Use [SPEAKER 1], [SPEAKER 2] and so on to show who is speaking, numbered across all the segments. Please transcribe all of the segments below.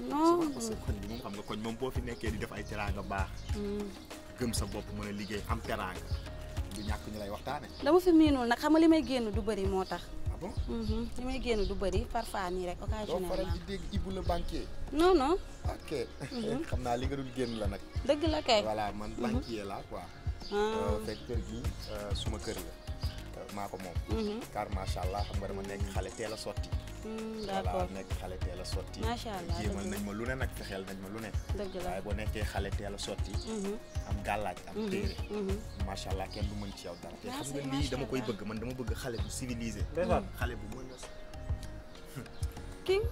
[SPEAKER 1] non parce que
[SPEAKER 2] koñ moom xam nga moom boo fi nekkee di def ay teranga baax gëm sa bopp mën a liggéey am teranga du ñàkk ñu lay waxtaane
[SPEAKER 1] dama fi miinul nag xam nga li may génn du bëri moo tax li may génn du bëri parfois nii rek occasionnellement doo
[SPEAKER 2] dégg Ibou le banquier non non ok xam naa li nga dul génn la nag dëgg la kay voilà man banquier quoi fekk kër gi suma kër la maa ko moom car macha allah xam nga dama nekk xale teel a sotti
[SPEAKER 1] voilà mm,
[SPEAKER 2] nekk xale teel a sotti jéemal nañ ma lu ne nag fexeel nañ ma lu ne waaye boo nekkee xale teel a sotti mm-hmm. am gàllaaj am mm-hmm. téere mm-hmm. macha allah kenn du mën ci yow dara te xam nga lii dama koy bëgg man dama bëgg xale bu civilisé mm, xale bu mën a
[SPEAKER 1] king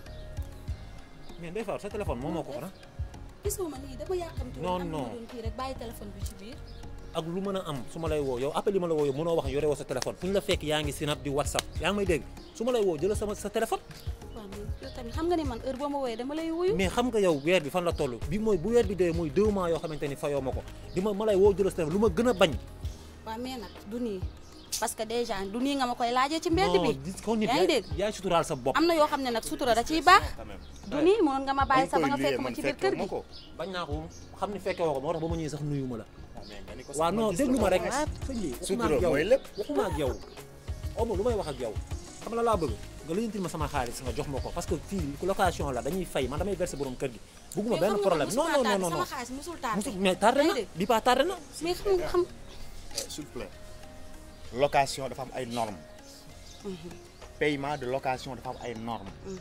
[SPEAKER 3] mais Ndeye Fatou sa téléphone moom moo ko ah.
[SPEAKER 1] gisuma ma lii dafa non non kii rek bàyyi téléphone bi ci biir.
[SPEAKER 3] ak lu mën a am su ma lay woo yow appel yi ma la woo yow mënoo wax yore woo sa téléphone fu ñu la fekk yaa ngi sinap di whatsapp yaa ngi may dégg su ma lay woo sama sa téléphone.
[SPEAKER 1] xam nga ne man heure boo ma wooyee dama lay wuyu. mais xam
[SPEAKER 3] nga yow weer bi fan la toll bi mooy bu weer bi dee deux mois yoo xamante ni fayoo ma ko di ma ma lay woo jëlal sa téléphone lu ma gën a bañ.
[SPEAKER 1] waaw mais nag du nii parce que déjà du nii nga ma koy laajee ci mbedd bi. yaa ngi dégg
[SPEAKER 3] yaa sa bopp. am na
[SPEAKER 1] yoo xam ne nag sutura da ciy baax du nii mënoon nga ma bàyyi sax nga fekk ma ci biir kër gi
[SPEAKER 3] bañ naa ko xam ni fekke woo ko moo tax ba ma ñëwee sax nuyu ma la ah, waaw non déglu ma rek waxuma ak yow waxuma ak yow omo lu may wax ak yow xam la laa bëgg nga lijjantil ma sama xaalis nga jox ma ko parce que fii location la dañuy fay man damay verser borom kër gi bugguma benn problème non non non non non
[SPEAKER 1] musul mais tardé na bi pas tardé na mais xam nga xam
[SPEAKER 2] eh, location dafa am ay normes mhm. de location dafa am ay normes mhm.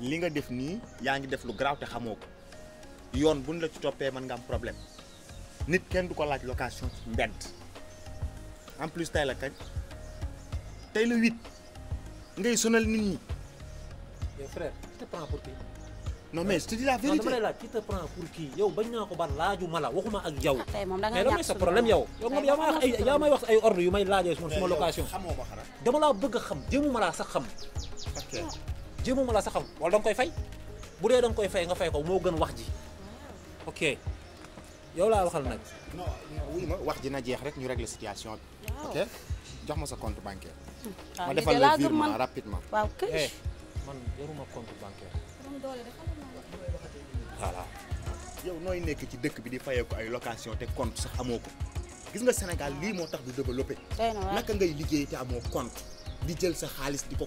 [SPEAKER 2] li nga def nii yaa ngi def lu garaaw te xamoo ko yoon buñ la ci toppee mën nga am problème nit kenn du ko laaj location ci mbedd en plus tey la kañ tey la huit ngay sonal
[SPEAKER 3] nit ñi. mais frère qui te prend pour qui. la vérité non dama lay laaj qui yow bañ naa ko ban laaju ma la waxuma ak yow. tey
[SPEAKER 1] ah, moom da nga ñàkk mais sa problème yow. yow moom yaa may wax ay yaa may
[SPEAKER 3] wax ay ordre yu may laajee suma location. dama laa bëgg a xam jéemuma laa sax xam. jéemuma la saxam wala da nga koy fay bu dee da koy fay nga fay ko moo gën wax ji ok yow laa waxal nag. ma wax ji na jeex rek ñu
[SPEAKER 2] régler situation bi. ok jox ma sa compte bancaire.
[SPEAKER 1] Ah, ma defal la virement rapidement. waaw kay eh,
[SPEAKER 3] man yoruma compte bancaire.
[SPEAKER 1] voilà.
[SPEAKER 2] yow nooy nekk ci dëkk bi di fayee ko ay location te compte sax amoo ko gis nga Sénégal lii moo tax du développé. naka ngay liggéey te amoo compte. di jël sa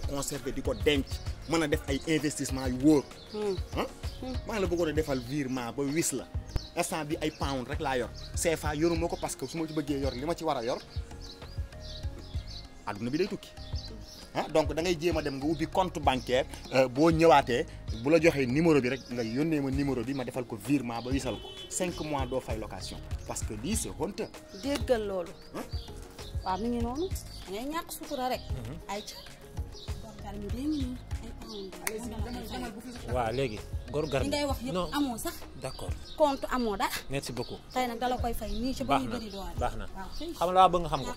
[SPEAKER 2] conserver di denc mën a def ay investissement yu wóor. Hmm. Hein? Hmm. la a defal virement ba wis la instant bi parce que su ci yor ci yor bi day hein? donc da ngay compte bancaire euh, boo ñëwaatee bu la numéro bi rek nga ma numéro bi ma defal virement cinq mois de location parce que c'est honteux.
[SPEAKER 1] déggal hein? waaw mi ngi noonu da ñàkk sutura rek. ay ca gorgar ngi nii.
[SPEAKER 3] waaw léegi. gorgar mi ngay wax yëpp amoo sax. d'accord
[SPEAKER 1] compte amoo dara. merci beaucoup. tey nag dala koy fay nii ci ba muy bëri doole. baax na xam laa bëgg nga xam ko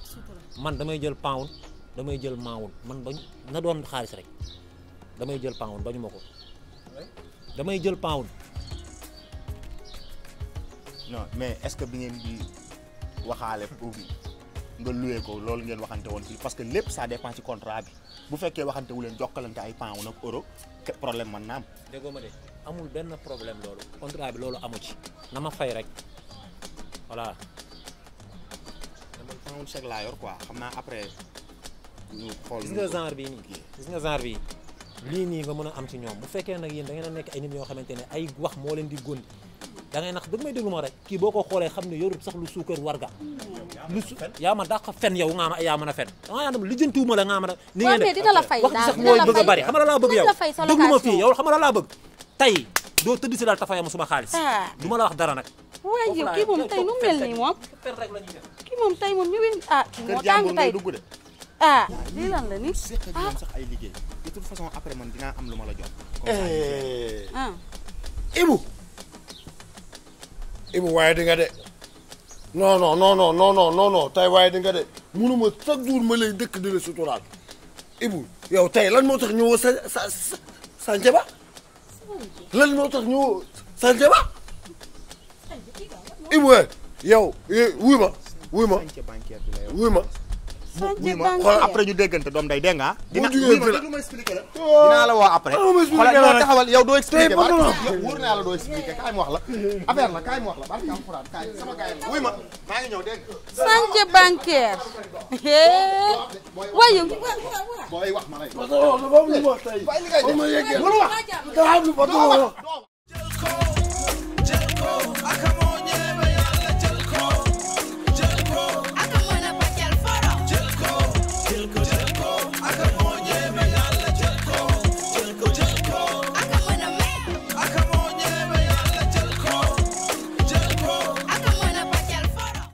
[SPEAKER 3] man damay jël pound damay jël maawul man ba na doon xaalis rek damay jël pound bañu ma ko damay jël pound. non mais est-ce que bi ngeen di waxaale pour.
[SPEAKER 2] nga loué ko loolu ngeen waxante woon fii parce que lépp ça dépend ci contrat bi bu fekkee waxante wu leen
[SPEAKER 3] jokkalante ay pound nag euro problème mën na am. déggoo ma de amul benn problème loolu contrat bi loolu amu ci na ma fay rek voilà. man pound chèque laa yor quoi xam naa après. ñu xool gis nga genre bii nii gis nga genre bii. lii nii nga mën a am ci ñoom bu fekkee nag yéen da a nekk ay nit ñoo xamante ne ay wax moo leen di góndi da ngay nax dëgg may déglu ma rek ki boko xolé xoolee yorut sax lu suukar warga lu ya ma dàq fen yow nga ma ya ma na fen danga yaa dem nih la nga ma a ni ngeen def dina wax sax moy bëgg bari xam nga laa bëgg yow déglu ma fii yow xam nga laa bëgg do teud ci dal daal tafayama suma xaliss ah. duma la wax dara nak
[SPEAKER 1] waaye ki mom tay nu mel nii ki mom tay mom ñu win ah mo tang tay ah lii lan la ni ah sax
[SPEAKER 3] ay liggéey
[SPEAKER 2] de toute façon après man dinaa am lu la jox
[SPEAKER 1] ah. Ibu
[SPEAKER 3] Ibou waaye di nga de non non non non non non waaye di nga de munuma chaque jour ma lay dëkk di la suturaal Ibou yow tey lan moo tax
[SPEAKER 2] ñëwoo sa ba lan moo tax ñëwoo sànce ba Ibou eh, yow eh, wuy ma wuy ma xoolal après ñu déggante doom day dégg nga dina ma expliqué la ah, ah, dinaa la woo après ah, xoolal ñoo taxawal yow doo expliqué ba wóor naa la doo expliqué kaay mu wax la affaire la kaay mu wax la barka alxuraan kaay sama gaay ma maa ngi ñëw dégg change
[SPEAKER 1] bancaire waaye booy wax ma lay